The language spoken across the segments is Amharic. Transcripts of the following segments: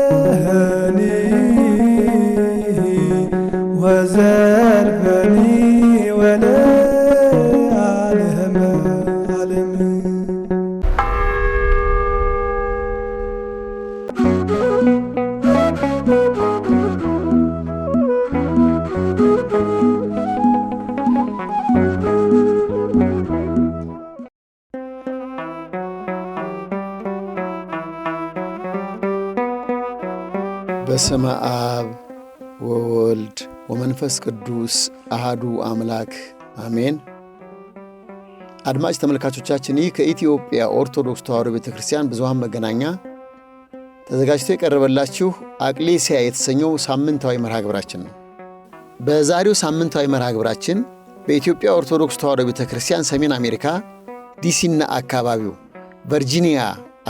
هني وزاد በስመ አብ ወወልድ ወመንፈስ ቅዱስ አህዱ አምላክ አሜን። አድማጭ ተመልካቾቻችን ይህ ከኢትዮጵያ ኦርቶዶክስ ተዋሕዶ ቤተ ክርስቲያን ብዙኃን መገናኛ ተዘጋጅቶ የቀረበላችሁ አቅሌሲያ የተሰኘው ሳምንታዊ መርሃ ግብራችን ነው። በዛሬው ሳምንታዊ መርሃ ግብራችን በኢትዮጵያ ኦርቶዶክስ ተዋሕዶ ቤተ ክርስቲያን ሰሜን አሜሪካ ዲሲና አካባቢው ቨርጂኒያ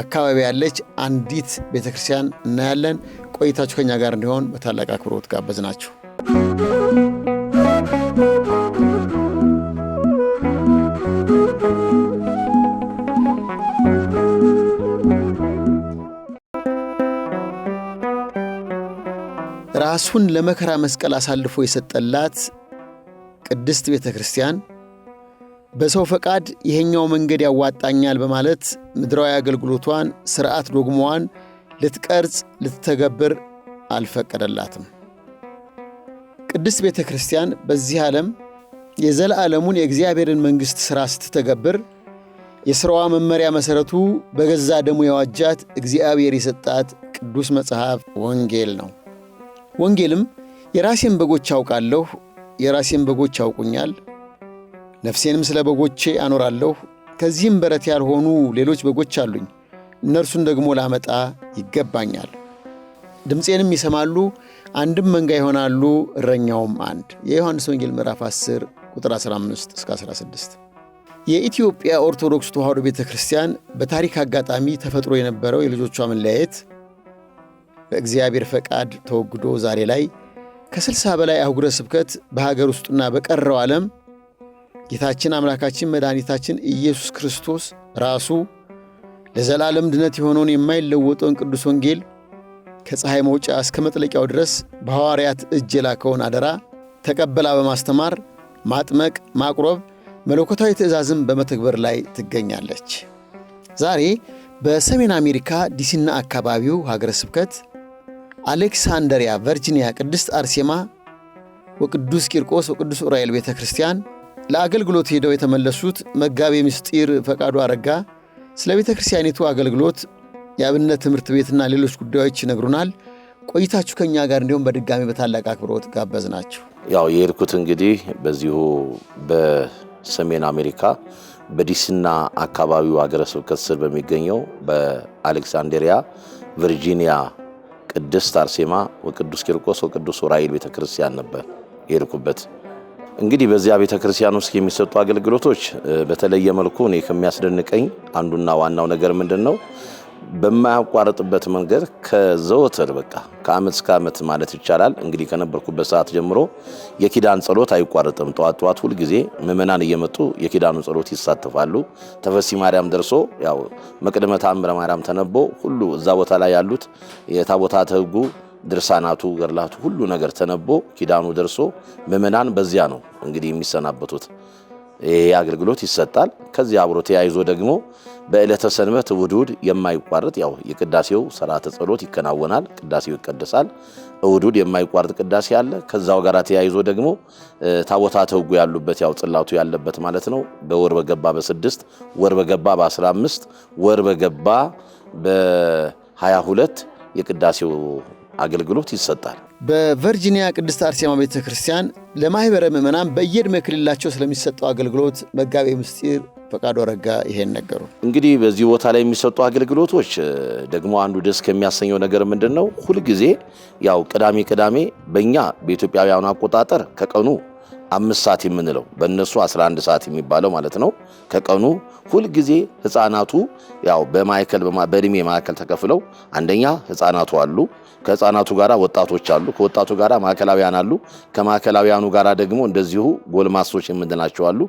አካባቢ ያለች አንዲት ቤተ ክርስቲያን እናያለን። ቆይታችሁ ከኛ ጋር እንዲሆን በታላቅ አክብሮት ጋበዝ ናችሁ። ራሱን ለመከራ መስቀል አሳልፎ የሰጠላት ቅድስት ቤተ ክርስቲያን በሰው ፈቃድ ይሄኛው መንገድ ያዋጣኛል በማለት ምድራዊ አገልግሎቷን ስርዓት ዶግማዋን ልትቀርጽ ልትተገብር አልፈቀደላትም። ቅድስት ቤተ ክርስቲያን በዚህ ዓለም የዘለዓለሙን የእግዚአብሔርን መንግሥት ሥራ ስትተገብር የሥራዋ መመሪያ መሠረቱ በገዛ ደሙ የዋጃት እግዚአብሔር የሰጣት ቅዱስ መጽሐፍ ወንጌል ነው። ወንጌልም የራሴን በጎች አውቃለሁ፣ የራሴን በጎች አውቁኛል። ነፍሴንም ስለ በጎቼ አኖራለሁ። ከዚህም በረት ያልሆኑ ሌሎች በጎች አሉኝ፣ እነርሱን ደግሞ ላመጣ ይገባኛል። ድምፄንም ይሰማሉ፣ አንድም መንጋ ይሆናሉ፣ እረኛውም አንድ። የዮሐንስ ወንጌል ምዕራፍ 10 ቁጥር 15 እስከ 16። የኢትዮጵያ ኦርቶዶክስ ተዋሕዶ ቤተ ክርስቲያን በታሪክ አጋጣሚ ተፈጥሮ የነበረው የልጆቿ መለያየት በእግዚአብሔር ፈቃድ ተወግዶ ዛሬ ላይ ከ60 በላይ አህጉረ ስብከት በሀገር ውስጡና በቀረው ዓለም ጌታችን አምላካችን መድኃኒታችን ኢየሱስ ክርስቶስ ራሱ ለዘላለም ድነት የሆነውን የማይለወጠውን ቅዱስ ወንጌል ከፀሐይ መውጫ እስከ መጥለቂያው ድረስ በሐዋርያት እጅ የላከውን አደራ ተቀበላ በማስተማር ማጥመቅ፣ ማቁረብ፣ መለኮታዊ ትእዛዝም በመተግበር ላይ ትገኛለች። ዛሬ በሰሜን አሜሪካ ዲሲና አካባቢው ሀገረ ስብከት አሌክሳንደሪያ ቨርጂኒያ ቅድስት አርሴማ ወቅዱስ ቂርቆስ ወቅዱስ ዑራኤል ቤተ ክርስቲያን ለአገልግሎት ሄደው የተመለሱት መጋቤ ምስጢር ፈቃዱ አረጋ ስለ ቤተ ክርስቲያኒቱ አገልግሎት፣ የአብነት ትምህርት ቤትና ሌሎች ጉዳዮች ይነግሩናል። ቆይታችሁ ከእኛ ጋር እንዲሁም በድጋሚ በታላቅ አክብሮት ጋበዝ ናቸው። ያው የሄድኩት እንግዲህ በዚሁ በሰሜን አሜሪካ በዲስና አካባቢው ሀገረ ስብከት ስር በሚገኘው በአሌክሳንድሪያ ቨርጂኒያ ቅድስት አርሴማ ወቅዱስ ቂርቆስ ወቅዱስ ራይል ቤተ ክርስቲያን ነበር የሄድኩበት። እንግዲህ በዚያ ቤተ ክርስቲያን ውስጥ የሚሰጡ አገልግሎቶች በተለየ መልኩ እኔ ከሚያስደንቀኝ አንዱና ዋናው ነገር ምንድን ነው? በማያቋርጥበት መንገድ ከዘወትር በቃ ከዓመት እስከ ዓመት ማለት ይቻላል እንግዲህ ከነበርኩበት ሰዓት ጀምሮ የኪዳን ጸሎት አይቋረጥም። ጠዋት ጠዋት ሁልጊዜ ምእመናን እየመጡ የኪዳኑ ጸሎት ይሳተፋሉ። ተፈሲ ማርያም ደርሶ ያው መቅድመ ተአምረ ማርያም ተነቦ ሁሉ እዛ ቦታ ላይ ያሉት የታቦታተ ሕጉ ድርሳናቱ፣ ገድላቱ፣ ሁሉ ነገር ተነቦ ኪዳኑ ደርሶ ምእመናን በዚያ ነው እንግዲህ የሚሰናበቱት። ይሄ አገልግሎት ይሰጣል። ከዚህ አብሮ ተያይዞ ደግሞ በዕለተ ሰንበት እሑድ እሑድ የማይቋርጥ ያው የቅዳሴው ስርዓተ ጸሎት ይከናወናል። ቅዳሴው ይቀደሳል። እሑድ እሑድ የማይቋርጥ ቅዳሴ አለ። ከዛው ጋር ተያይዞ ደግሞ ታቦታተ ሕጉ ያሉበት ያው ጽላቱ ያለበት ማለት ነው። በወር በገባ በስድስት ወር በገባ በአስራ አምስት ወር በገባ በሀያ ሁለት የቅዳሴው አገልግሎት ይሰጣል። በቨርጂኒያ ቅድስት አርሴማ ቤተ ክርስቲያን ለማኅበረ ምዕመናን በየዕድሜ ክልላቸው ስለሚሰጠው አገልግሎት መጋቤ ምስጢር ፈቃዱ አረጋ ይሄን ነገሩ። እንግዲህ በዚህ ቦታ ላይ የሚሰጡ አገልግሎቶች ደግሞ አንዱ ደስ ከሚያሰኘው ነገር ምንድን ነው? ሁልጊዜ ያው ቅዳሜ ቅዳሜ በእኛ በኢትዮጵያውያኑ አቆጣጠር ከቀኑ አምስት ሰዓት የምንለው በእነሱ 11 ሰዓት የሚባለው ማለት ነው። ከቀኑ ሁልጊዜ ህፃናቱ ያው በማዕከል በእድሜ ማዕከል ተከፍለው አንደኛ ህፃናቱ አሉ፣ ከህፃናቱ ጋራ ወጣቶች አሉ፣ ከወጣቱ ጋራ ማዕከላዊያን አሉ፣ ከማዕከላዊያኑ ጋራ ደግሞ እንደዚሁ ጎልማሶች የምንላቸው አሉ።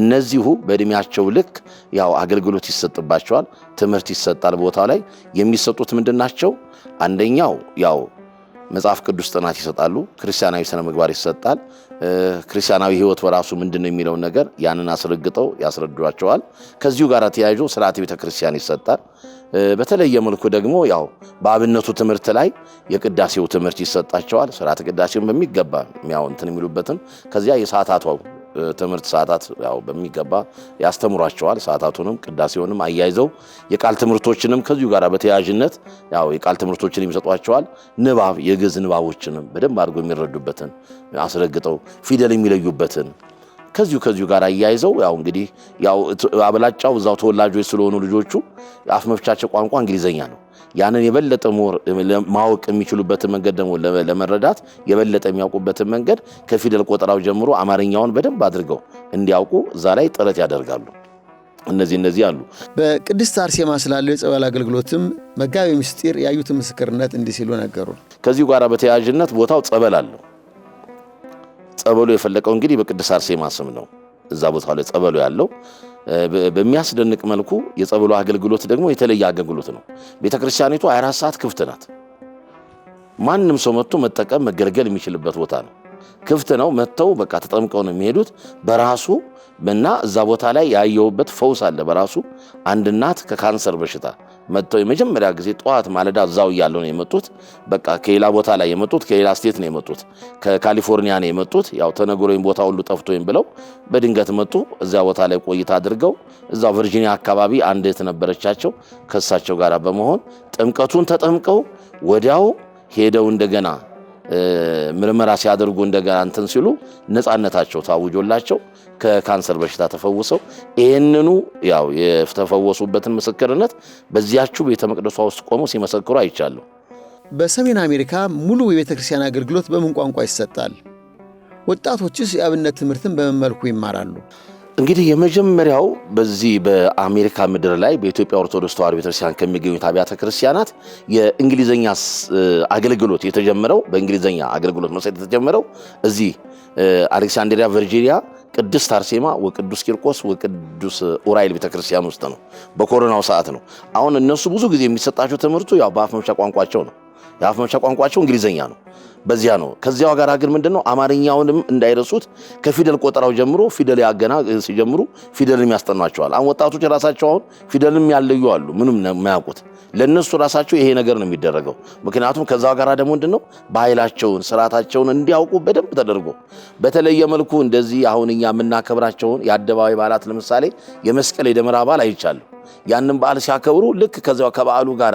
እነዚሁ በእድሜያቸው ልክ ያው አገልግሎት ይሰጥባቸዋል፣ ትምህርት ይሰጣል። ቦታው ላይ የሚሰጡት ምንድን ናቸው? አንደኛው ያው መጽሐፍ ቅዱስ ጥናት ይሰጣሉ። ክርስቲያናዊ ስነ ምግባር ይሰጣል። ክርስቲያናዊ ሕይወት በራሱ ምንድን ነው የሚለውን ነገር ያንን አስረግጠው ያስረዷቸዋል። ከዚሁ ጋር ተያይዞ ስርዓት ቤተ ክርስቲያን ይሰጣል። በተለየ መልኩ ደግሞ ያው በአብነቱ ትምህርት ላይ የቅዳሴው ትምህርት ይሰጣቸዋል። ስርዓት ቅዳሴውን በሚገባ ያው እንትን የሚሉበትም ከዚያ የሰዓታቷው ትምህርት ሰዓታት ያው በሚገባ ያስተምሯቸዋል። ሰዓታቱንም ቅዳሴውንም አያይዘው የቃል ትምህርቶችንም ከዚሁ ጋር በተያያዥነት ያው የቃል ትምህርቶችን የሚሰጧቸዋል። ንባብ የግዕዝ ንባቦችንም በደንብ አድርገው የሚረዱበትን አስረግጠው ፊደል የሚለዩበትን ከዚሁ ከዚሁ ጋር አያይዘው ያው እንግዲህ ያው አብላጫው እዛው ተወላጆች ስለሆኑ ልጆቹ አፍ መፍቻቸው ቋንቋ እንግሊዘኛ ነው። ያንን የበለጠ ማወቅ የሚችሉበትን መንገድ ደግሞ ለመረዳት የበለጠ የሚያውቁበትን መንገድ ከፊደል ቆጠራው ጀምሮ አማርኛውን በደንብ አድርገው እንዲያውቁ እዛ ላይ ጥረት ያደርጋሉ። እነዚህ እነዚህ አሉ። በቅድስት አርሴማ ስላለው የጸበል አገልግሎትም መጋቢ ምስጢር ያዩትን ምስክርነት እንዲህ ሲሉ ነገሩ። ከዚሁ ጋር በተያያዥነት ቦታው ጸበል አለው። ጸበሉ የፈለቀው እንግዲህ በቅድስት አርሴማ ስም ነው። እዛ ቦታ ላይ ጸበሉ ያለው በሚያስደንቅ መልኩ የጸበሉ አገልግሎት ደግሞ የተለየ አገልግሎት ነው። ቤተ ክርስቲያኒቱ 24 ሰዓት ክፍት ናት። ማንም ሰው መጥቶ መጠቀም መገልገል የሚችልበት ቦታ ነው። ክፍት ነው። መጥተው በቃ ተጠምቀው ነው የሚሄዱት። በራሱ እና እዛ ቦታ ላይ ያየውበት ፈውስ አለ። በራሱ አንድ እናት ከካንሰር በሽታ መጥተው የመጀመሪያ ጊዜ ጠዋት ማለዳ እዛው እያለ ነው የመጡት። በቃ ከሌላ ቦታ ላይ የመጡት ከሌላ ስቴት ነው የመጡት፣ ከካሊፎርኒያ ነው የመጡት። ያው ተነግሮኝ ቦታ ሁሉ ጠፍቶኝ ብለው በድንገት መጡ። እዚያ ቦታ ላይ ቆይታ አድርገው እዛው ቨርጂኒያ አካባቢ አንድ እህት ነበረቻቸው። ከእሳቸው ጋር በመሆን ጥምቀቱን ተጠምቀው ወዲያው ሄደው እንደገና ምርመራ ሲያደርጉ እንደገና እንትን ሲሉ ነፃነታቸው ታውጆላቸው ከካንሰር በሽታ ተፈውሰው ይህንኑ ያው የተፈወሱበትን ምስክርነት በዚያችሁ ቤተ መቅደሷ ውስጥ ቆመው ሲመሰክሩ አይቻለሁ። በሰሜን አሜሪካ ሙሉ የቤተ ክርስቲያን አገልግሎት በምን ቋንቋ ይሰጣል? ወጣቶችስ የአብነት ትምህርትን በምን መልኩ ይማራሉ? እንግዲህ የመጀመሪያው በዚህ በአሜሪካ ምድር ላይ በኢትዮጵያ ኦርቶዶክስ ተዋሕዶ ቤተክርስቲያን ከሚገኙት አብያተ ክርስቲያናት የእንግሊዝኛ አገልግሎት የተጀመረው በእንግሊዝኛ አገልግሎት መስጠት የተጀመረው እዚህ አሌክሳንድሪያ ቨርጂኒያ ቅድስት አርሴማ ወቅዱስ ቂርቆስ ወቅዱስ ኡራኤል ቤተክርስቲያን ውስጥ ነው። በኮሮናው ሰዓት ነው። አሁን እነሱ ብዙ ጊዜ የሚሰጣቸው ትምህርቱ ያው በአፍ መፍቻ ቋንቋቸው ነው። የአፍ መፍቻ ቋንቋቸው እንግሊዝኛ ነው። በዚያ ነው። ከዚያው ጋር ግን ምንድን ነው አማርኛውንም እንዳይረሱት ከፊደል ቆጠራው ጀምሮ ፊደል ያገና ሲጀምሩ ፊደልም ያስጠኗቸዋል። አሁን ወጣቶች ራሳቸው አሁን ፊደልም ያለዩ አሉ፣ ምንም የማያውቁት ለእነሱ ራሳቸው ይሄ ነገር ነው የሚደረገው። ምክንያቱም ከዛ ጋር ደግሞ ምንድን ነው ባህላቸውን ስርዓታቸውን እንዲያውቁ በደንብ ተደርጎ በተለየ መልኩ እንደዚህ አሁን እኛ የምናከብራቸውን የአደባባይ በዓላት ለምሳሌ የመስቀል የደመራ በዓል አይቻለሁ። ያንን በዓል ሲያከብሩ ልክ ከዚያው ከበዓሉ ጋር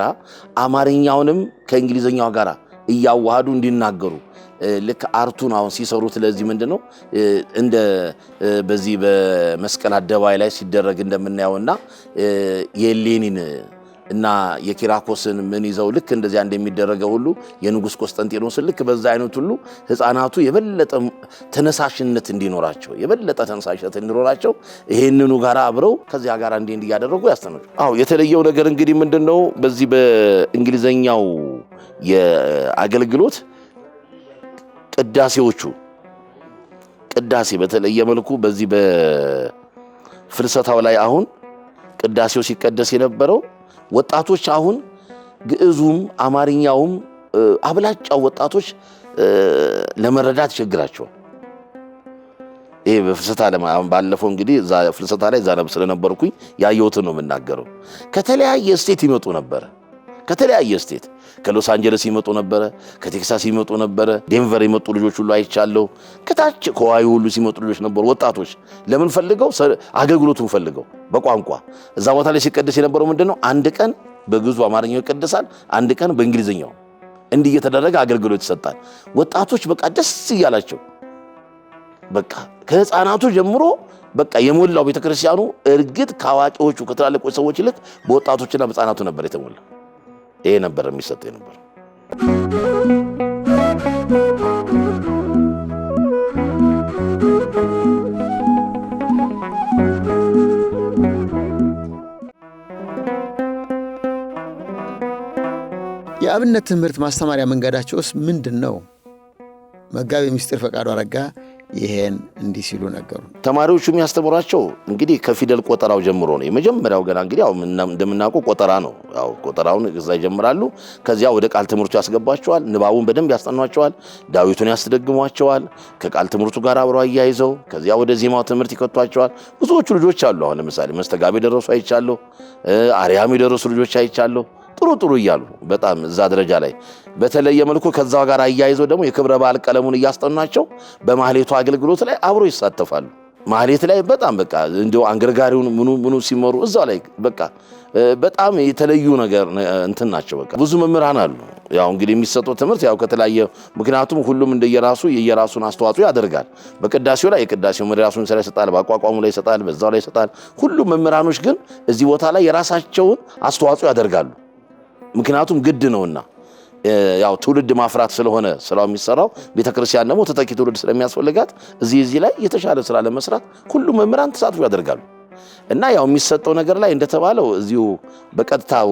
አማርኛውንም ከእንግሊዝኛው ጋራ እያዋሃዱ እንዲናገሩ ልክ አርቱን አሁን ሲሰሩት ለዚህ ምንድን ነው እንደ በዚህ በመስቀል አደባባይ ላይ ሲደረግ እንደምናየውና የሌኒን እና የኪራኮስን ምን ይዘው ልክ እንደዚያ እንደሚደረገው ሁሉ የንጉሥ ቆስጠንጢኖስን ልክ በዛ አይነት ሁሉ ህፃናቱ የበለጠ ተነሳሽነት እንዲኖራቸው የበለጠ ተነሳሽነት እንዲኖራቸው ይህንኑ ጋር አብረው ከዚያ ጋር እንዲ እንዲያደረጉ ያስተምሩ። አዎ የተለየው ነገር እንግዲህ ምንድን ነው በዚህ በእንግሊዘኛው የአገልግሎት ቅዳሴዎቹ ቅዳሴ በተለየ መልኩ በዚህ በፍልሰታው ላይ አሁን ቅዳሴው ሲቀደስ የነበረው ወጣቶች አሁን ግዕዙም አማርኛውም አብላጫው ወጣቶች ለመረዳት ይቸግራቸዋል። ይሄ በፍልሰታ ባለፈው እንግዲህ ፍልሰታ ላይ እዛ ስለነበርኩኝ ያየሁትን ነው የምናገረው። ከተለያየ ስቴት ይመጡ ነበረ ከተለያየ ስቴት ከሎስ አንጀለስ ይመጡ ነበረ፣ ከቴክሳስ ይመጡ ነበረ፣ ዴንቨር የመጡ ልጆች ሁሉ አይቻለሁ። ከታች ከዋዩ ሁሉ ሲመጡ ልጆች ነበሩ፣ ወጣቶች። ለምን ፈልገው? አገልግሎቱን ፈልገው በቋንቋ እዛ ቦታ ላይ ሲቀደስ የነበረው ምንድን ነው? አንድ ቀን በግዙ አማርኛው ይቀደሳል፣ አንድ ቀን በእንግሊዝኛው። እንዲህ እየተደረገ አገልግሎት ይሰጣል። ወጣቶች በቃ ደስ እያላቸው በቃ ከህፃናቱ ጀምሮ በቃ የሞላው ቤተክርስቲያኑ እርግጥ ከአዋቂዎቹ ከትላልቆች ሰዎች ይልቅ በወጣቶችና በህፃናቱ ነበር የተሞላው። ይሄ ነበር የሚሰጥ ነበር። የአብነት ትምህርት ማስተማሪያ መንገዳቸውስ ምንድን ነው? መጋቢ ምስጢር ፈቃዱ አረጋ ይሄን እንዲህ ሲሉ ነገሩ። ተማሪዎቹ የሚያስተምሯቸው እንግዲህ ከፊደል ቆጠራው ጀምሮ ነው። የመጀመሪያው ገና እንግዲህ እንደምናውቀው ቆጠራ ነው። ቆጠራውን እዛ ይጀምራሉ። ከዚያ ወደ ቃል ትምህርቱ ያስገባቸዋል። ንባቡን በደንብ ያስጠኗቸዋል። ዳዊቱን ያስደግሟቸዋል ከቃል ትምህርቱ ጋር አብረው አያይዘው። ከዚያ ወደ ዜማው ትምህርት ይከቷቸዋል። ብዙዎቹ ልጆች አሉ። አሁን ለምሳሌ መስተጋቢ የደረሱ አይቻለሁ። አርያም የደረሱ ልጆች አይቻለሁ። ጥሩ ጥሩ እያሉ በጣም እዛ ደረጃ ላይ በተለየ መልኩ ከዛ ጋር አያይዘው ደግሞ የክብረ በዓል ቀለሙን እያስጠኗቸው በማህሌቱ አገልግሎት ላይ አብሮ ይሳተፋሉ። ማህሌት ላይ በጣም በቃ እንዲ አንገርጋሪውን ምኑ ምኑ ሲመሩ እዛው ላይ በቃ በጣም የተለዩ ነገር እንትን ናቸው። በቃ ብዙ መምህራን አሉ። ያው እንግዲህ የሚሰጠው ትምህርት ያው ከተለያየ ምክንያቱም ሁሉም እንደየራሱ የየራሱን አስተዋጽኦ ያደርጋል። በቅዳሴው ላይ የቅዳሴው የራሱን ስራ ይሰጣል፣ በአቋቋሙ ላይ ይሰጣል፣ በዛው ላይ ይሰጣል። ሁሉም መምህራኖች ግን እዚህ ቦታ ላይ የራሳቸውን አስተዋጽኦ ያደርጋሉ። ምክንያቱም ግድ ነውና ያው ትውልድ ማፍራት ስለሆነ ስራው የሚሰራው ቤተክርስቲያን ደግሞ ተተኪ ትውልድ ስለሚያስፈልጋት እዚህ እዚህ ላይ የተሻለ ስራ ለመስራት ሁሉም መምህራን ተሳትፎ ያደርጋሉ። እና ያው የሚሰጠው ነገር ላይ እንደተባለው እዚሁ በቀጥታው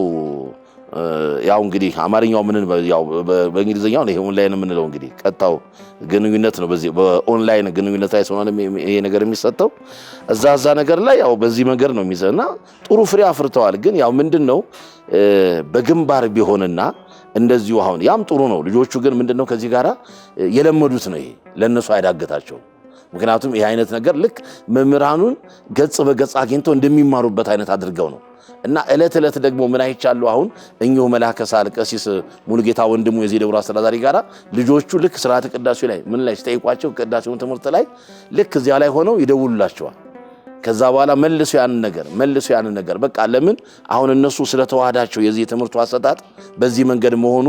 ያው እንግዲህ አማርኛው ምን ያው በእንግሊዝኛው ነው ይሄ ኦንላይን የምንለው እንግዲህ ቀጥታው ግንኙነት ነው። በዚህ በኦንላይን ግንኙነት ላይ ስለሆነ ይሄ ነገር የሚሰጠው እዛ እዛ ነገር ላይ ያው በዚህ መንገድ ነው የሚሰ እና ጥሩ ፍሬ አፍርተዋል። ግን ያው ምንድን ነው በግንባር ቢሆንና እንደዚሁ አሁን ያም ጥሩ ነው። ልጆቹ ግን ምንድን ነው ከዚህ ጋር የለመዱት ነው። ይሄ ለእነሱ አይዳገታቸውም። ምክንያቱም ይህ አይነት ነገር ልክ መምህራኑን ገጽ በገጽ አግኝቶ እንደሚማሩበት አይነት አድርገው ነው እና ዕለት ዕለት ደግሞ ምን አይቻሉ አሁን እኚሁ መላከ ሳል ቀሲስ ሙሉጌታ ወንድሙ የዚህ ደብሮ አስተዳዳሪ ጋር ልጆቹ ልክ ስርዓተ ቅዳሴ ላይ ምን ላይ ሲጠይቋቸው ቅዳሴውን ትምህርት ላይ ልክ እዚያ ላይ ሆነው ይደውሉላቸዋል። ከዛ በኋላ መልሱ ያንን ነገር መልሱ ያንን ነገር በቃ ለምን አሁን እነሱ ስለተዋህዳቸው የዚህ የትምህርቱ አሰጣጥ በዚህ መንገድ መሆኑ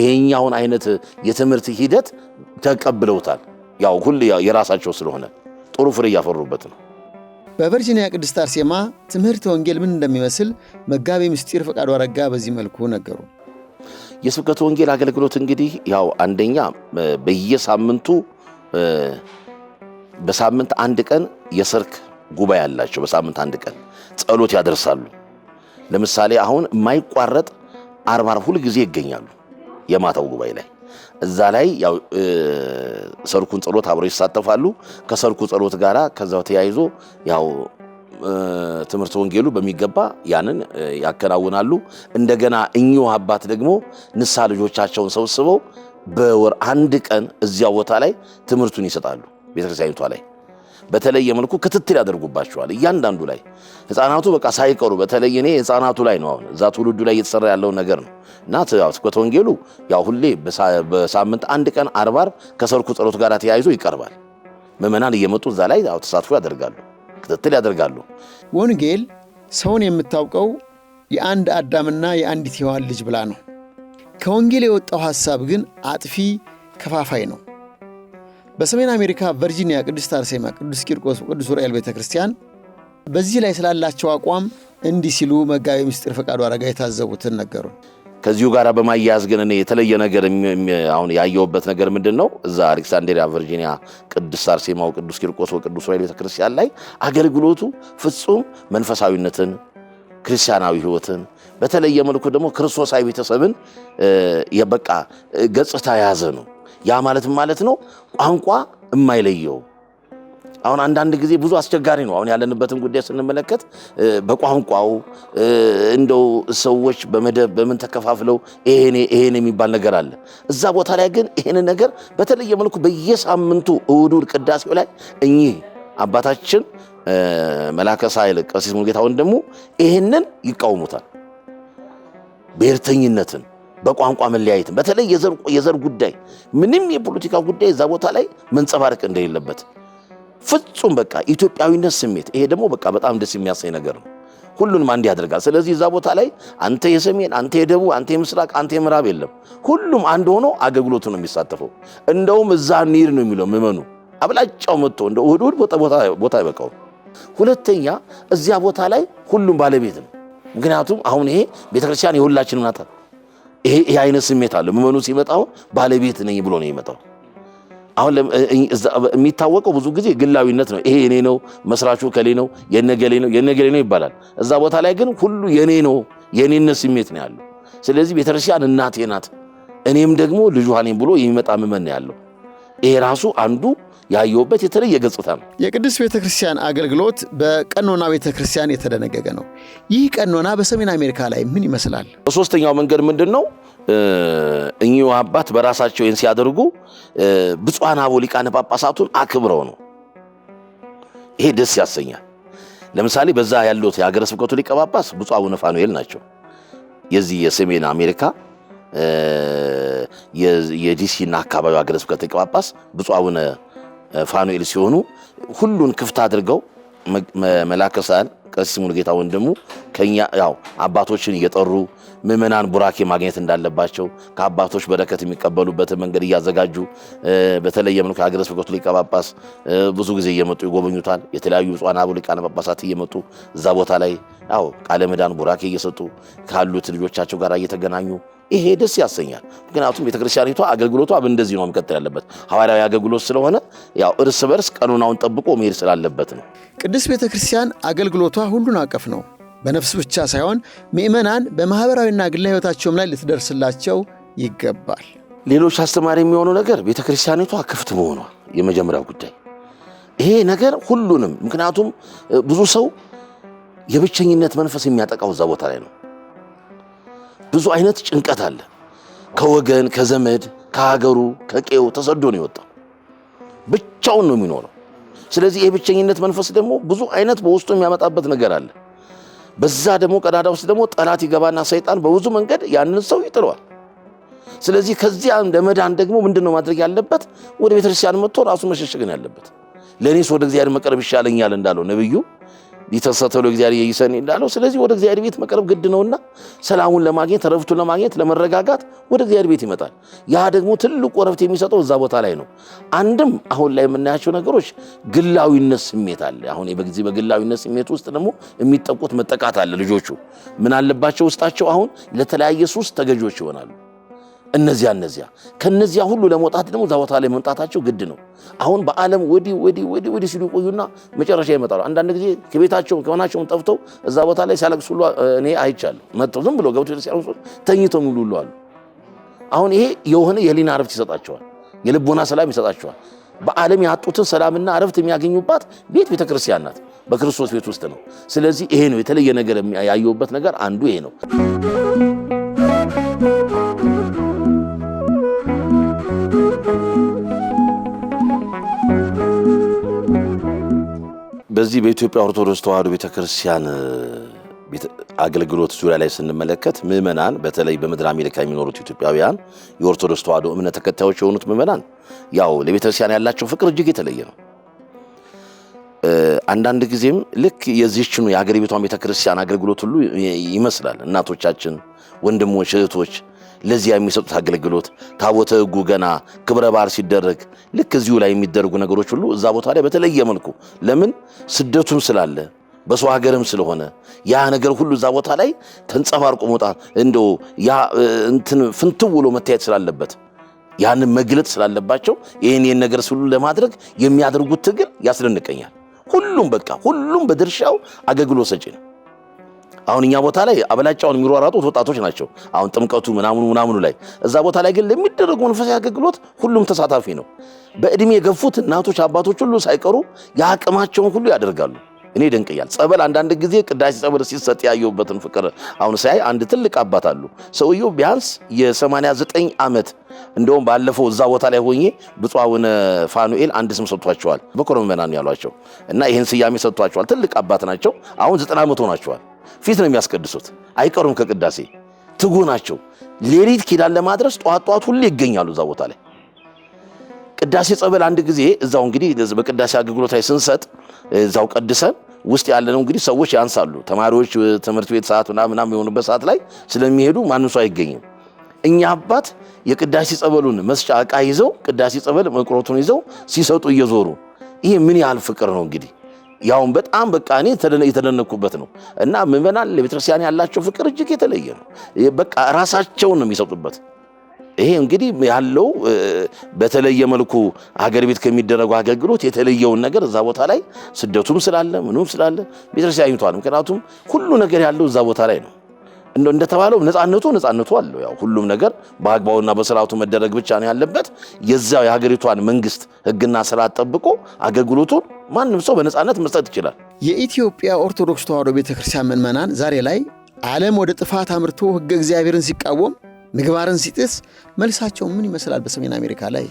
ይሄኛውን አይነት የትምህርት ሂደት ተቀብለውታል። ያው ሁል የራሳቸው ስለሆነ ጥሩ ፍሬ እያፈሩበት ነው። በቨርጂኒያ ቅድስት አርሴማ ትምህርት ወንጌል ምን እንደሚመስል መጋቤ ምስጢር ፈቃዱ አረጋ በዚህ መልኩ ነገሩ። የስብከት ወንጌል አገልግሎት እንግዲህ ያው አንደኛ በየሳምንቱ በሳምንት አንድ ቀን የሰርክ ጉባኤ አላቸው። በሳምንት አንድ ቀን ጸሎት ያደርሳሉ። ለምሳሌ አሁን የማይቋረጥ አርባ ሁል ጊዜ ይገኛሉ የማታው ጉባኤ ላይ እዛ ላይ ያው ሰርኩን ጸሎት አብረው ይሳተፋሉ። ከሰርኩ ጸሎት ጋራ ከዛው ተያይዞ ያው ትምህርት ወንጌሉ በሚገባ ያንን ያከናውናሉ። እንደገና እኚሁ አባት ደግሞ ንሳ ልጆቻቸውን ሰብስበው በወር አንድ ቀን እዚያ ቦታ ላይ ትምህርቱን ይሰጣሉ ቤተክርስቲያኒቷ ላይ በተለየ መልኩ ክትትል ያደርጉባቸዋል እያንዳንዱ ላይ ህፃናቱ በቃ ሳይቀሩ በተለይ እኔ ህፃናቱ ላይ ነው አሁን እዛ ትውልዱ ላይ እየተሰራ ያለው ነገር ነው እና ስብከተ ወንጌሉ ያው ሁሌ በሳምንት አንድ ቀን አርባር ከሰርኩ ጸሎት ጋር ተያይዞ ይቀርባል። ምዕመናን እየመጡ እዛ ላይ ተሳትፎ ያደርጋሉ፣ ክትትል ያደርጋሉ። ወንጌል ሰውን የምታውቀው የአንድ አዳምና የአንዲት ሔዋን ልጅ ብላ ነው። ከወንጌል የወጣው ሐሳብ ግን አጥፊ ከፋፋይ ነው። በሰሜን አሜሪካ ቨርጂኒያ ቅድስት አርሴማ፣ ቅዱስ ቂርቆስ፣ ቅዱስ ዑራኤል ቤተ ክርስቲያን በዚህ ላይ ስላላቸው አቋም እንዲህ ሲሉ መጋቢ ምስጢር ፈቃዱ አረጋ የታዘቡትን ነገሩ። ከዚሁ ጋር በማያያዝ ግን እኔ የተለየ ነገር አሁን ያየሁበት ነገር ምንድን ነው? እዛ አሌክሳንድሪያ ቨርጂኒያ ቅድስት አርሴማው ቅዱስ ቂርቆስ ቅዱስ ዑራኤል ቤተክርስቲያን ላይ አገልግሎቱ ፍጹም መንፈሳዊነትን፣ ክርስቲያናዊ ህይወትን በተለየ መልኩ ደግሞ ክርስቶሳዊ ቤተሰብን የበቃ ገጽታ የያዘ ነው። ያ ማለትም ማለት ነው ቋንቋ የማይለየው አሁን አንዳንድ ጊዜ ብዙ አስቸጋሪ ነው። አሁን ያለንበትን ጉዳይ ስንመለከት በቋንቋው እንደው ሰዎች በመደብ በምን ተከፋፍለው ይሄኔ ይሄኔ የሚባል ነገር አለ። እዛ ቦታ ላይ ግን ይሄን ነገር በተለየ መልኩ በየሳምንቱ እሑድ ቅዳሴው ላይ እኚህ አባታችን መላከ ሳይል ቀሲስ ሙሉጌታ ወንድሙ ይሄንን ይቃውሙታል ብሔርተኝነትን በቋንቋ መለያየትም በተለይ የዘር ጉዳይ ምንም የፖለቲካ ጉዳይ እዛ ቦታ ላይ መንጸባረቅ እንደሌለበት ፍጹም በቃ ኢትዮጵያዊነት ስሜት ይሄ ደግሞ በቃ በጣም ደስ የሚያሳይ ነገር ነው። ሁሉንም አንድ ያደርጋል። ስለዚህ እዛ ቦታ ላይ አንተ የሰሜን፣ አንተ የደቡብ፣ አንተ የምስራቅ፣ አንተ የምዕራብ የለም። ሁሉም አንድ ሆኖ አገልግሎቱ ነው የሚሳተፈው። እንደውም እዛ እንሂድ ነው የሚለው ምመኑ አብላጫው መጥቶ እንደ እሑድ እሑድ ቦታ አይበቃውም። ሁለተኛ እዚያ ቦታ ላይ ሁሉም ባለቤት ነው። ምክንያቱም አሁን ይሄ ቤተክርስቲያን የሁላችንም ናታል ይሄ አይነት ስሜት አለ። ምመኑ ሲመጣው ባለቤት ነኝ ብሎ ነው የመጣው። አሁን የሚታወቀው ብዙ ጊዜ ግላዊነት ነው። ይሄ የኔ ነው፣ መስራቹ ከሌ ነው፣ የነገሌ ነው፣ የነገሌ ነው ይባላል። እዛ ቦታ ላይ ግን ሁሉ የኔ ነው፣ የኔነት ስሜት ነው ያለው። ስለዚህ ቤተክርስቲያን እናቴ ናት፣ እኔም ደግሞ ልጇ ነኝ ብሎ የሚመጣ ምመን ነው ያለው። ይሄ ራሱ አንዱ ያየውበት የተለየ ገጽታ ነው። የቅዱስ ቤተ ክርስቲያን አገልግሎት በቀኖና ቤተ ክርስቲያን የተደነገገ ነው። ይህ ቀኖና በሰሜን አሜሪካ ላይ ምን ይመስላል? ሶስተኛው መንገድ ምንድን ነው? እኚሁ አባት በራሳቸው ይህን ሲያደርጉ ብፁዓን አበው ሊቃነ ጳጳሳቱን አክብረው ነው። ይሄ ደስ ያሰኛል። ለምሳሌ በዛ ያሉት የሀገረ ስብከቱ ሊቀ ጳጳስ ብፁዕ አቡነ ፋኑኤል ናቸው። የዚህ የሰሜን አሜሪካ የዲሲና አካባቢው ሀገረ ስብከት ሊቀ ጳጳስ ብፁዕ አቡነ ፋኑኤል ሲሆኑ ሁሉን ክፍት አድርገው መላከ ሰዓል ቀሲስ ሙሉጌታ ወንድሙ ከኛ ያው አባቶችን እየጠሩ ምእመናን ቡራኬ ማግኘት እንዳለባቸው ከአባቶች በረከት የሚቀበሉበትን መንገድ እያዘጋጁ በተለየ መልኩ የሀገረ ስብከቱ ሊቀ ጳጳስ ብዙ ጊዜ እየመጡ ይጎበኙታል። የተለያዩ ብፁዓን አበው ሊቃነ ጳጳሳት እየመጡ እዛ ቦታ ላይ ያው ቃለ ምዕዳን ቡራኬ እየሰጡ ካሉት ልጆቻቸው ጋር እየተገናኙ ይሄ ደስ ያሰኛል። ምክንያቱም ቤተክርስቲያኒቷ አገልግሎቷ እንደዚህ ነው መቀጠል ያለበት ሐዋርያዊ አገልግሎት ስለሆነ ያው እርስ በርስ ቀኖናውን ጠብቆ መሄድ ስላለበት ነው። ቅድስት ቤተክርስቲያን አገልግሎቷ ሁሉን አቀፍ ነው። በነፍስ ብቻ ሳይሆን ምእመናን በማኅበራዊና ግላ ሕይወታቸውም ላይ ልትደርስላቸው ይገባል። ሌሎች አስተማሪ የሚሆኑ ነገር ቤተክርስቲያኒቷ ክፍት መሆኗ የመጀመሪያው ጉዳይ ይሄ ነገር ሁሉንም ምክንያቱም ብዙ ሰው የብቸኝነት መንፈስ የሚያጠቃው እዛ ቦታ ላይ ነው። ብዙ አይነት ጭንቀት አለ። ከወገን ከዘመድ ከሀገሩ ከቄው ተሰዶ ነው የወጣው። ብቻውን ነው የሚኖረው። ስለዚህ ይህ ብቸኝነት መንፈስ ደግሞ ብዙ አይነት በውስጡ የሚያመጣበት ነገር አለ። በዛ ደግሞ ቀዳዳ ውስጥ ደግሞ ጠላት ይገባና ሰይጣን በብዙ መንገድ ያንን ሰው ይጥለዋል። ስለዚህ ከዚያ ለመዳን ደግሞ ምንድን ነው ማድረግ ያለበት? ወደ ቤተክርስቲያን መጥቶ ራሱ መሸሸግን ያለበት። ለእኔስ ወደ እግዚአብሔር መቅረብ ይሻለኛል እንዳለው ነቢዩ ሊተሰተው ለእግዚአብሔር ይሰን እንዳለው። ስለዚህ ወደ እግዚአብሔር ቤት መቅረብ ግድ ነውና ሰላሙን ለማግኘት ረፍቱን ለማግኘት ለመረጋጋት ወደ እግዚአብሔር ቤት ይመጣል። ያ ደግሞ ትልቁ ረፍት የሚሰጠው እዛ ቦታ ላይ ነው። አንድም አሁን ላይ የምናያቸው ነገሮች ግላዊነት ስሜት አለ። አሁን በጊዜ በግላዊነት ስሜት ውስጥ ደግሞ የሚጠቁት መጠቃት አለ። ልጆቹ ምን አለባቸው? ውስጣቸው አሁን ለተለያየ ሱስ ተገዦች ይሆናሉ። እነዚያ እነዚያ ከነዚያ ሁሉ ለመውጣት ደግሞ እዛ ቦታ ላይ መምጣታቸው ግድ ነው። አሁን በዓለም ወዲህ ወዲህ ወዲ ወዲ ሲሉ ቆዩና መጨረሻ ይመጣሉ። አንዳንድ ጊዜ ከቤታቸው ከሆናቸውን ጠፍተው እዛ ቦታ ላይ ሲያለቅሱ ሁሉ እኔ አይቻለሁ። መጥተው ዝም ብሎ ገብቶ ሲያለቅሱ ተኝተው ሙሉ ሁሉ አሉ። አሁን ይሄ የሆነ የህሊና እረፍት ይሰጣቸዋል፣ የልቦና ሰላም ይሰጣቸዋል። በዓለም ያጡትን ሰላምና እረፍት የሚያገኙባት ቤት ቤተክርስቲያን ናት፣ በክርስቶስ ቤት ውስጥ ነው። ስለዚህ ይሄ ነው የተለየ ነገር ያየሁበት ነገር አንዱ ይሄ ነው። በዚህ በኢትዮጵያ ኦርቶዶክስ ተዋሕዶ ቤተክርስቲያን አገልግሎት ዙሪያ ላይ ስንመለከት ምዕመናን በተለይ በምድር አሜሪካ የሚኖሩት ኢትዮጵያውያን የኦርቶዶክስ ተዋሕዶ እምነት ተከታዮች የሆኑት ምእመናን ያው ለቤተክርስቲያን ያላቸው ፍቅር እጅግ የተለየ ነው። አንዳንድ ጊዜም ልክ የዚህችኑ የአገሪቷን ቤተክርስቲያን አገልግሎት ሁሉ ይመስላል። እናቶቻችን፣ ወንድሞች፣ እህቶች ለዚያ የሚሰጡት አገልግሎት ታቦተ ሕጉ ገና ክብረ በዓል ሲደረግ ልክ እዚሁ ላይ የሚደረጉ ነገሮች ሁሉ እዛ ቦታ ላይ በተለየ መልኩ ለምን ስደቱም ስላለ በሰው ሀገርም ስለሆነ ያ ነገር ሁሉ እዛ ቦታ ላይ ተንጸባርቆ መውጣት እንደው ያ እንትን ፍንትው ውሎ መታየት ስላለበት ያንን መግለጥ ስላለባቸው ይህን ይህን ነገር ሁሉ ለማድረግ የሚያደርጉት ትግል ያስደንቀኛል። ሁሉም በቃ ሁሉም በድርሻው አገልግሎት ሰጪ ነው። አሁን እኛ ቦታ ላይ አበላጫውን የሚሯራጡት ወጣቶች ናቸው። አሁን ጥምቀቱ ምናምኑ ምናምኑ ላይ እዛ ቦታ ላይ ግን ለሚደረጉ መንፈሳዊ አገልግሎት ሁሉም ተሳታፊ ነው። በእድሜ የገፉት እናቶች፣ አባቶች ሁሉ ሳይቀሩ የአቅማቸውን ሁሉ ያደርጋሉ። እኔ ደንቅያል። ጸበል አንዳንድ ጊዜ ቅዳሴ ጸበል ሲሰጥ ያየሁበትን ፍቅር አሁን ሳይ አንድ ትልቅ አባት አሉ። ሰውየው ቢያንስ የ89 ዓመት እንደውም ባለፈው እዛ ቦታ ላይ ሆኜ ብፁዕ አቡነ ፋኑኤል አንድ ስም ሰጥቷቸዋል። በኮረመናን ያሏቸው እና ይህን ስያሜ ሰጥቷቸዋል። ትልቅ አባት ናቸው። አሁን ዘጠና ዓመት ሆናቸዋል። ፊት ነው የሚያስቀድሱት። አይቀሩም ከቅዳሴ ትጉ ናቸው። ሌሊት ኪዳን ለማድረስ ጠዋት ጠዋት ሁሌ ይገኛሉ እዛ ቦታ ላይ ቅዳሴ ጸበል። አንድ ጊዜ እዛው እንግዲህ በቅዳሴ አገልግሎት ላይ ስንሰጥ እዛው ቀድሰን ውስጥ ያለነው እንግዲህ ሰዎች ያንሳሉ። ተማሪዎች ትምህርት ቤት ሰዓት ምናምን የሆኑበት ሰዓት ላይ ስለሚሄዱ ማንም ሰው አይገኝም። እኛ አባት የቅዳሴ ጸበሉን መስጫ ዕቃ ይዘው ቅዳሴ ጸበል መቁረቱን ይዘው ሲሰጡ እየዞሩ ይሄ ምን ያህል ፍቅር ነው እንግዲህ ያውን በጣም በቃ እኔ የተደነኩበት ነው እና ምዕመናን ለቤተክርስቲያን ያላቸው ፍቅር እጅግ የተለየ ነው። በቃ ራሳቸውን ነው የሚሰጡበት። ይሄ እንግዲህ ያለው በተለየ መልኩ ሀገር ቤት ከሚደረጉ አገልግሎት የተለየውን ነገር እዛ ቦታ ላይ ስደቱም ስላለ ምኑም ስላለ ቤተክርስቲያን ይቷል። ምክንያቱም ሁሉ ነገር ያለው እዛ ቦታ ላይ ነው። እንደተባለው ነፃነቱ ነፃነቱ አለው። ያው ሁሉም ነገር በአግባቡና በስርዓቱ መደረግ ብቻ ነው ያለበት። የዚያው የሀገሪቷን መንግስት ህግና ስርዓት ጠብቆ አገልግሎቱን ማንም ሰው በነፃነት መስጠት ይችላል። የኢትዮጵያ ኦርቶዶክስ ተዋሕዶ ቤተ ክርስቲያን ምዕመናን ዛሬ ላይ ዓለም ወደ ጥፋት አምርቶ ህገ እግዚአብሔርን ሲቃወም ምግባርን ሲጥስ መልሳቸው ምን ይመስላል? በሰሜን አሜሪካ ላይ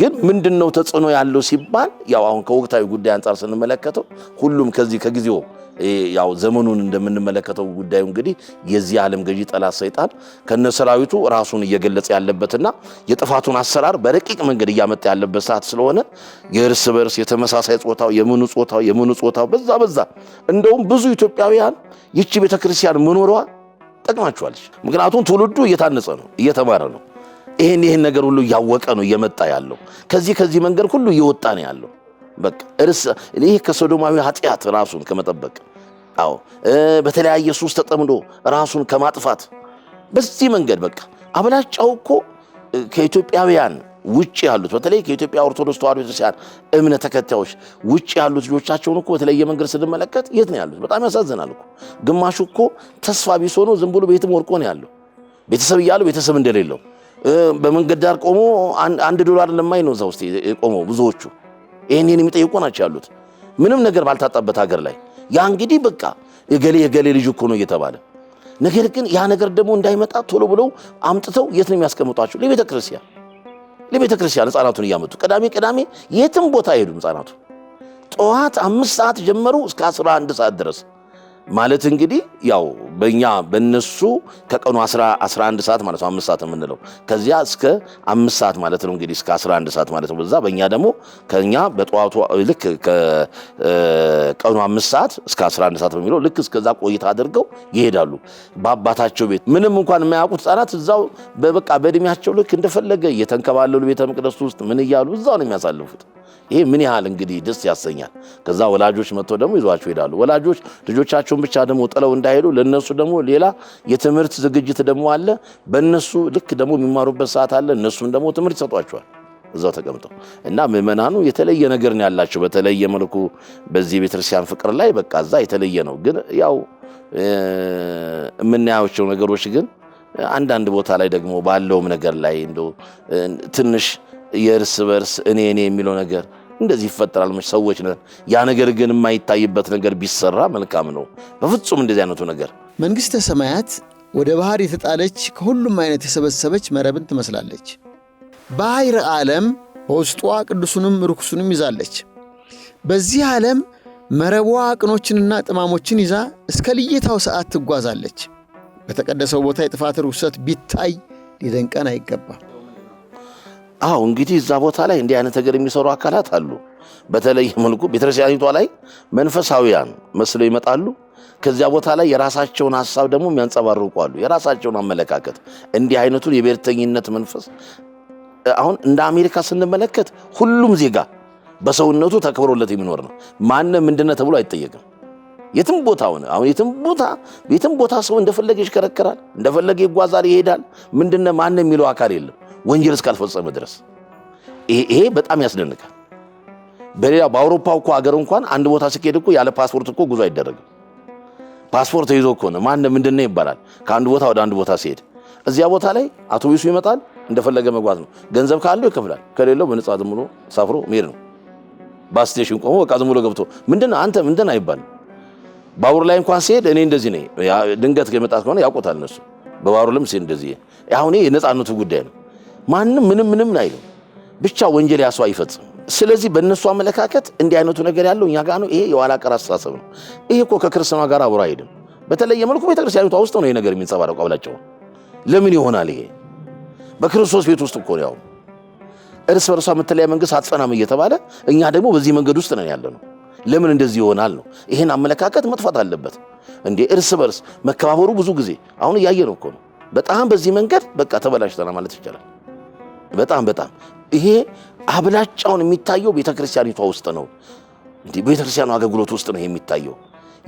ግን ምንድን ነው ተጽዕኖ ያለው ሲባል ያው አሁን ከወቅታዊ ጉዳይ አንጻር ስንመለከተው ሁሉም ከዚህ ከጊዜው ያው ዘመኑን እንደምንመለከተው ጉዳዩ እንግዲህ የዚህ ዓለም ገዢ ጠላት ሰይጣን ከነ ሰራዊቱ ራሱን እየገለጸ ያለበትና የጥፋቱን አሰራር በረቂቅ መንገድ እያመጣ ያለበት ሰዓት ስለሆነ የእርስ በርስ የተመሳሳይ ጾታው የምኑ ጾታው የምኑ ጾታው በዛ በዛ እንደውም ብዙ ኢትዮጵያውያን ይቺ ቤተክርስቲያን መኖሯ ጠቅማችኋለች። ምክንያቱም ትውልዱ እየታነጸ ነው፣ እየተማረ ነው። ይሄን ይሄን ነገር ሁሉ እያወቀ ነው እየመጣ ያለው። ከዚህ ከዚህ መንገድ ሁሉ እየወጣ ነው ያለው። በቃ እርስ ይሄ ከሶዶማዊ ኃጢአት ራሱን ከመጠበቅ አዎ፣ በተለያየ ሱስ ተጠምዶ ራሱን ከማጥፋት በዚህ መንገድ በቃ አብላጫው እኮ ከኢትዮጵያውያን ውጭ ያሉት በተለይ ከኢትዮጵያ ኦርቶዶክስ ተዋሕዶ ቤተክርስቲያን እምነት ተከታዮች ውጭ ያሉት ልጆቻቸውን እኮ በተለየ መንገድ ስንመለከት የት ነው ያሉት? በጣም ያሳዝናል እኮ ግማሹ እኮ ተስፋ ቢስ ሆኖ ዝም ብሎ ቤትም ወርቆ ነው ያለው ቤተሰብ እያለው ቤተሰብ እንደሌለው በመንገድ ዳር ቆሞ አንድ ዶላር ለማይ ነው እዛ ውስጥ ቆመው ብዙዎቹ ይህንን የሚጠይቁ ናቸው ያሉት ምንም ነገር ባልታጣበት ሀገር ላይ ያ እንግዲህ በቃ የገሌ የገሌ ልጅ እኮ ነው እየተባለ ነገር ግን ያ ነገር ደግሞ እንዳይመጣ ቶሎ ብለው አምጥተው የት ነው የሚያስቀምጧቸው? ለቤተ ክርስቲያን ለቤተ ክርስቲያን ህፃናቱን እያመጡ ቅዳሜ ቅዳሜ የትም ቦታ አይሄዱም ህፃናቱ። ጠዋት አምስት ሰዓት ጀመሩ እስከ አስራ አንድ ሰዓት ድረስ ማለት እንግዲህ ያው በእኛ በነሱ ከቀኑ 11 ሰዓት ማለት ነው፣ አምስት ሰዓት የምንለው ከዚያ እስከ አምስት ሰዓት ማለት ነው። እንግዲህ እስከ 11 ሰዓት ማለት ነው። በዛ በእኛ ደግሞ ከእኛ በጠዋቱ ልክ ከቀኑ አምስት ሰዓት እስከ 11 ሰዓት በሚለው ልክ እስከዛ ቆይታ አድርገው ይሄዳሉ። በአባታቸው ቤት ምንም እንኳን የማያውቁት ሕፃናት እዛው በበቃ በእድሜያቸው ልክ እንደፈለገ እየተንከባለሉ ቤተ መቅደሱ ውስጥ ምን እያሉ እዛው ነው የሚያሳልፉት። ይሄ ምን ያህል እንግዲህ ደስ ያሰኛል። ከዛ ወላጆች መጥተው ደግሞ ይዟቸው ይሄዳሉ። ወላጆች ልጆቻቸውን ብቻ ደግሞ ጥለው እንዳይሄዱ ለነ እነሱ ደግሞ ሌላ የትምህርት ዝግጅት ደግሞ አለ። በእነሱ ልክ ደግሞ የሚማሩበት ሰዓት አለ። እነሱም ደግሞ ትምህርት ይሰጧቸዋል እዛው ተቀምጠው እና ምእመናኑ የተለየ ነገር ነው ያላቸው። በተለየ መልኩ በዚህ ቤተክርስቲያን ፍቅር ላይ በቃ እዛ የተለየ ነው። ግን ያው የምናያቸው ነገሮች ግን አንዳንድ ቦታ ላይ ደግሞ ባለውም ነገር ላይ እንደ ትንሽ የእርስ በርስ እኔ እኔ የሚለው ነገር እንደዚህ ይፈጠራል። ሰዎች ነን። ያ ነገር ግን የማይታይበት ነገር ቢሰራ መልካም ነው። በፍጹም እንደዚህ አይነቱ ነገር መንግሥተ ሰማያት ወደ ባሕር የተጣለች ከሁሉም አይነት የሰበሰበች መረብን ትመስላለች። ባሕረ ዓለም በውስጧ ቅዱሱንም ርኩሱንም ይዛለች። በዚህ ዓለም መረቧ ቅኖችንና ጥማሞችን ይዛ እስከ ልየታው ሰዓት ትጓዛለች። በተቀደሰው ቦታ የጥፋት ርኩሰት ቢታይ ሊደንቀን አይገባም። አዎ እንግዲህ እዛ ቦታ ላይ እንዲህ አይነት ነገር የሚሰሩ አካላት አሉ። በተለይ መልኩ ቤተክርስቲያኒቷ ላይ መንፈሳዊያን መስለው ይመጣሉ። ከዚያ ቦታ ላይ የራሳቸውን ሀሳብ ደግሞ የሚያንጸባርቋሉ። የራሳቸውን አመለካከት። እንዲህ አይነቱን የብሔርተኝነት መንፈስ አሁን እንደ አሜሪካ ስንመለከት ሁሉም ዜጋ በሰውነቱ ተከብሮለት የሚኖር ነው። ማንም ምንድነው ተብሎ አይጠየቅም። የትም ቦታ ሆነ አሁን የትም ቦታ የትም ቦታ ሰው እንደፈለገ ይሽከረከራል፣ እንደፈለገ ይጓዛል፣ ይሄዳል። ምንድነው ማን የሚለው አካል የለም ወንጀል እስካልፈጸመ ድረስ። ይሄ በጣም ያስደንቃል። በሌላ በአውሮፓ እኮ ሀገር እንኳን አንድ ቦታ ስኬድ እኮ ያለ ፓስፖርት እኮ ጉዞ አይደረግም። ፓስፖርት ይዞ እኮ ነው ማን ምንድነው ይባላል። ከአንድ ቦታ ወደ አንድ ቦታ ሲሄድ እዚያ ቦታ ላይ አውቶቡሱ ይመጣል፣ እንደፈለገ መጓዝ ነው። ገንዘብ ካለው ይከፍላል፣ ከሌለው በነጻ ዝም ብሎ ሳፍሮ መሄድ ነው። ባስ ስቴሽን ቆሞ በቃ ዝም ብሎ ገብቶ ምንድነው አንተ ምንድን አይባልም። ባቡር ላይ እንኳን ሲሄድ እኔ እንደዚህ ነኝ፣ ድንገት የመጣ ከሆነ ያውቆታል እነሱ። በባቡር ልም ሲሄድ እንደዚህ አሁን የነፃነቱ ጉዳይ ነው። ማንም ምንም ምንም አይልም። ብቻ ወንጀል ያሱ አይፈጽም ስለዚህ በእነሱ አመለካከት እንዲህ አይነቱ ነገር ያለው እኛ ጋር ነው። ይሄ የኋላ ቀር አስተሳሰብ ነው። ይሄ እኮ ከክርስትና ጋር አብሮ አይሄድም። በተለየ መልኩ ቤተክርስቲያኒቷ ውስጥ ነው ይሄ ነገር የሚንጸባረቀው። አብላቸው ለምን ይሆናል? ይሄ በክርስቶስ ቤት ውስጥ እኮ ያው እርስ በርሷ የምትለያ መንግስት አትጸናም እየተባለ እኛ ደግሞ በዚህ መንገድ ውስጥ ነን ያለ ነው። ለምን እንደዚህ ይሆናል ነው። ይህን አመለካከት መጥፋት አለበት እንዴ! እርስ በርስ መከባበሩ ብዙ ጊዜ አሁን እያየ ነው እኮ ነው። በጣም በዚህ መንገድ በቃ ተበላሽተና ማለት ይቻላል። በጣም በጣም ይሄ አብላጫውን የሚታየው ቤተ ክርስቲያኒቷ ውስጥ ነው። እንዲ ቤተ ክርስቲያኑ አገልግሎት ውስጥ ነው የሚታየው።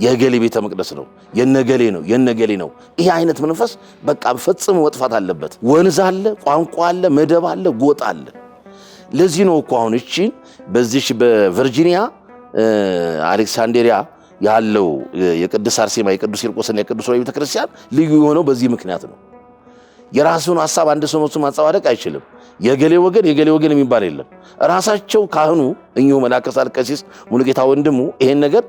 የገሌ ቤተ መቅደስ ነው፣ የነገሌ ነው፣ የነገሌ ነው። ይህ አይነት መንፈስ በቃ ፈጽሞ መጥፋት አለበት። ወንዝ አለ፣ ቋንቋ አለ፣ መደብ አለ፣ ጎጥ አለ። ለዚህ ነው እኮ አሁን እቺን በዚህ በቨርጂኒያ አሌክሳንዴሪያ ያለው የቅዱስ አርሴማ የቅዱስ ቂርቆስና የቅዱስ ሮይ ቤተክርስቲያን ልዩ የሆነው በዚህ ምክንያት ነው። የራሱን ሀሳብ አንድ ሰው መብቱን ማንጸባረቅ አይችልም። የገሌ ወገን የገሌ ወገን የሚባል የለም። ራሳቸው ካህኑ እኚሁ መላከ ሣህል ቀሲስ ሙሉጌታ ወንድሙ ይሄን ነገር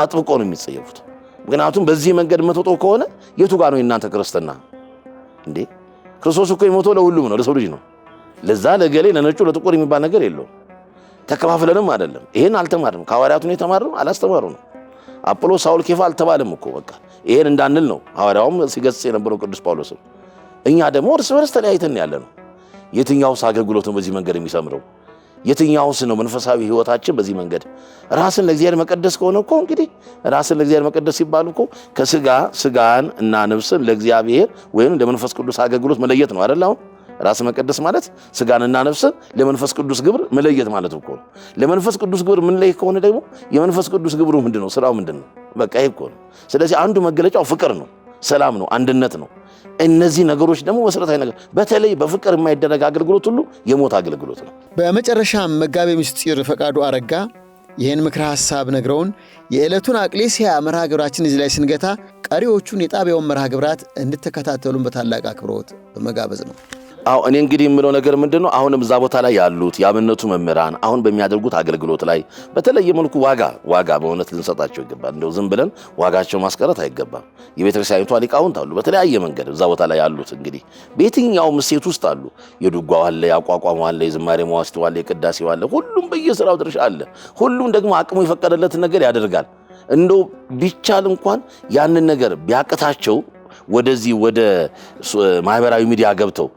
አጥብቆ ነው የሚጸየፉት። ምክንያቱም በዚህ መንገድ መተጦ ከሆነ የቱ ጋር ነው የእናንተ ክርስትና እንዴ? ክርስቶስ እኮ የሞተው ለሁሉም ነው፣ ለሰው ልጅ ነው። ለዛ ለገሌ ለነጩ ለጥቁር የሚባል ነገር የለውም። ተከፋፍለንም አይደለም። ይሄን አልተማርም ከሐዋርያቱ ነው የተማርነው፣ አላስተማሩ ነው። አጵሎስ፣ ሳውል፣ ኬፋ አልተባለም እኮ በቃ ይሄን እንዳንል ነው ሐዋርያውም ሲገስጽ የነበረው ቅዱስ ጳውሎስም እኛ ደግሞ እርስ በርስ ተለያይተን ያለ ነው። የትኛውስ አገልግሎት ነው በዚህ መንገድ የሚሰምረው? የትኛውስ ነው መንፈሳዊ ህይወታችን በዚህ መንገድ? ራስን ለእግዚአብሔር መቀደስ ከሆነ እኮ እንግዲህ ራስን ለእግዚአብሔር መቀደስ ሲባል እኮ ከስጋ ስጋን እና ነፍስን ለእግዚአብሔር ወይም ለመንፈስ ቅዱስ አገልግሎት መለየት ነው አይደል? አሁን ራስ መቀደስ ማለት ስጋንና ነፍስን ለመንፈስ ቅዱስ ግብር መለየት ማለት እኮ ነው። ለመንፈስ ቅዱስ ግብር ምንለይ ከሆነ ደግሞ የመንፈስ ቅዱስ ግብሩ ምንድን ነው? ስራው ምንድን ነው? በቃ ይህ እኮ ነው። ስለዚህ አንዱ መገለጫው ፍቅር ነው። ሰላም ነው፣ አንድነት ነው። እነዚህ ነገሮች ደግሞ መሰረታዊ ነገር በተለይ በፍቅር የማይደረግ አገልግሎት ሁሉ የሞት አገልግሎት ነው። በመጨረሻም መጋቤ ምስጢር ፈቃዱ አረጋ ይህን ምክረ ሐሳብ ነግረውን የዕለቱን አቅሌስያ መርሃ ግብራችን እዚህ ላይ ስንገታ ቀሪዎቹን የጣቢያውን መርሃ ግብራት እንድትከታተሉን በታላቅ አክብሮት በመጋበዝ ነው። እኔ እንግዲህ የምለው ነገር ምንድን ነው፣ አሁንም እዛ ቦታ ላይ ያሉት የአብነቱ መምህራን አሁን በሚያደርጉት አገልግሎት ላይ በተለየ መልኩ ዋጋ ዋጋ በእውነት ልንሰጣቸው ይገባል። እንደው ዝም ብለን ዋጋቸው ማስቀረት አይገባም። የቤተክርስቲያኒቷ ሊቃውንት አሉ፣ በተለያየ መንገድ እዛ ቦታ ላይ ያሉት እንግዲህ በየትኛውም ሴት ውስጥ አሉ። የድጓው አለ፣ የአቋቋመው አለ፣ የዝማሬ መዋሥዕቱ አለ፣ የቅዳሴው አለ። ሁሉም በየስራው ድርሻ አለ። ሁሉም ደግሞ አቅሙ የፈቀደለትን ነገር ያደርጋል። እንደው ቢቻል እንኳን ያንን ነገር ቢያቅታቸው ወደዚህ ወደ ማህበራዊ ሚዲያ ገብተው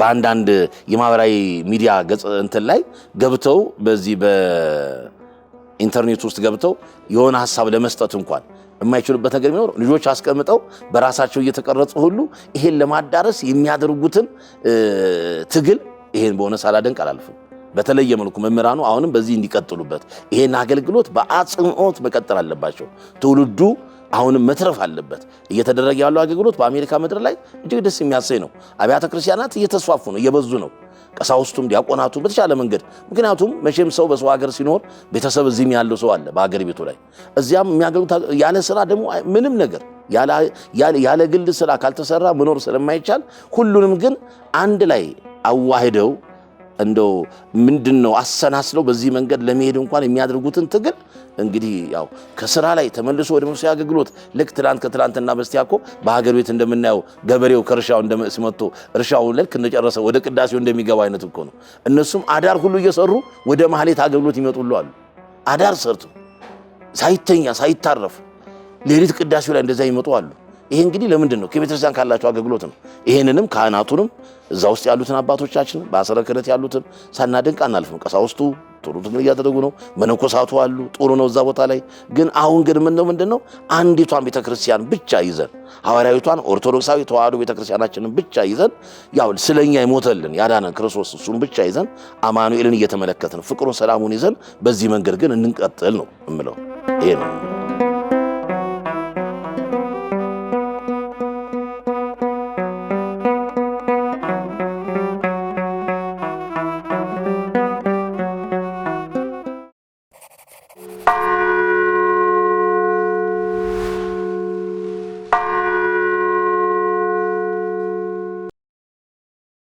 በአንዳንድ የማህበራዊ ሚዲያ ገጽ እንትን ላይ ገብተው በዚህ በኢንተርኔት ውስጥ ገብተው የሆነ ሀሳብ ለመስጠት እንኳን የማይችሉበት ነገር ቢኖር ልጆች አስቀምጠው በራሳቸው እየተቀረጹ ሁሉ ይሄን ለማዳረስ የሚያደርጉትን ትግል ይሄን በሆነ ሳላደንቅ አላልፍም። በተለየ መልኩ መምህራኑ አሁንም በዚህ እንዲቀጥሉበት ይሄን አገልግሎት በአጽንኦት መቀጠል አለባቸው ትውልዱ አሁንም መትረፍ አለበት። እየተደረገ ያለው አገልግሎት በአሜሪካ ምድር ላይ እጅግ ደስ የሚያሰኝ ነው። አብያተ ክርስቲያናት እየተስፋፉ ነው፣ እየበዙ ነው። ቀሳውስቱም ዲያቆናቱም በተሻለ መንገድ ምክንያቱም መቼም ሰው በሰው ሀገር ሲኖር ቤተሰብ እዚህም ያለው ሰው አለ በሀገር ቤቱ ላይ እዚያም የሚያገሉት ያለ ስራ ደግሞ ምንም ነገር ያለ ግል ስራ ካልተሰራ መኖር ስለማይቻል ሁሉንም ግን አንድ ላይ አዋህደው እንዶ ምንድን ነው አሰናስለው በዚህ መንገድ ለመሄድ እንኳን የሚያደርጉትን ትግል እንግዲህ ያው ከስራ ላይ ተመልሶ ወደ መንፈሳዊ አገልግሎት ልክ ትላንት ከትላንትና በስቲያ እኮ በሀገር ቤት እንደምናየው ገበሬው ከእርሻው እንደመጥቶ እርሻው ልክ እንደጨረሰ ወደ ቅዳሴው እንደሚገባ አይነት እኮ ነው። እነሱም አዳር ሁሉ እየሰሩ ወደ ማህሌት አገልግሎት ይመጡሉ አሉ። አዳር ሰርቶ ሳይተኛ ሳይታረፍ ሌሊት ቅዳሴው ላይ እንደዛ ይመጡ አሉ። ይሄ እንግዲህ ለምንድን ነው? ከቤተክርስቲያን ካላቸው አገልግሎት ነው። ይሄንንም ካህናቱንም እዛ ውስጥ ያሉትን አባቶቻችን በአሰረ ክህነት ያሉትን ሳናደንቅ አናልፍም። ቀሳውስቱ ጥሩ ትግል እያደረጉ ነው። መነኮሳቱ አሉ፣ ጥሩ ነው እዛ ቦታ ላይ ግን አሁን ግን ምነው ምንድን ነው አንዲቷን ቤተክርስቲያን ብቻ ይዘን ሐዋርያዊቷን ኦርቶዶክሳዊ ተዋዶ ቤተክርስቲያናችንን ብቻ ይዘን ያው ስለኛ ይሞተልን ያዳነን ክርስቶስ እሱን ብቻ ይዘን አማኑኤልን እየተመለከትን ፍቅሩን ሰላሙን ይዘን በዚህ መንገድ ግን እንንቀጥል ነው እምለው ይሄ ነው።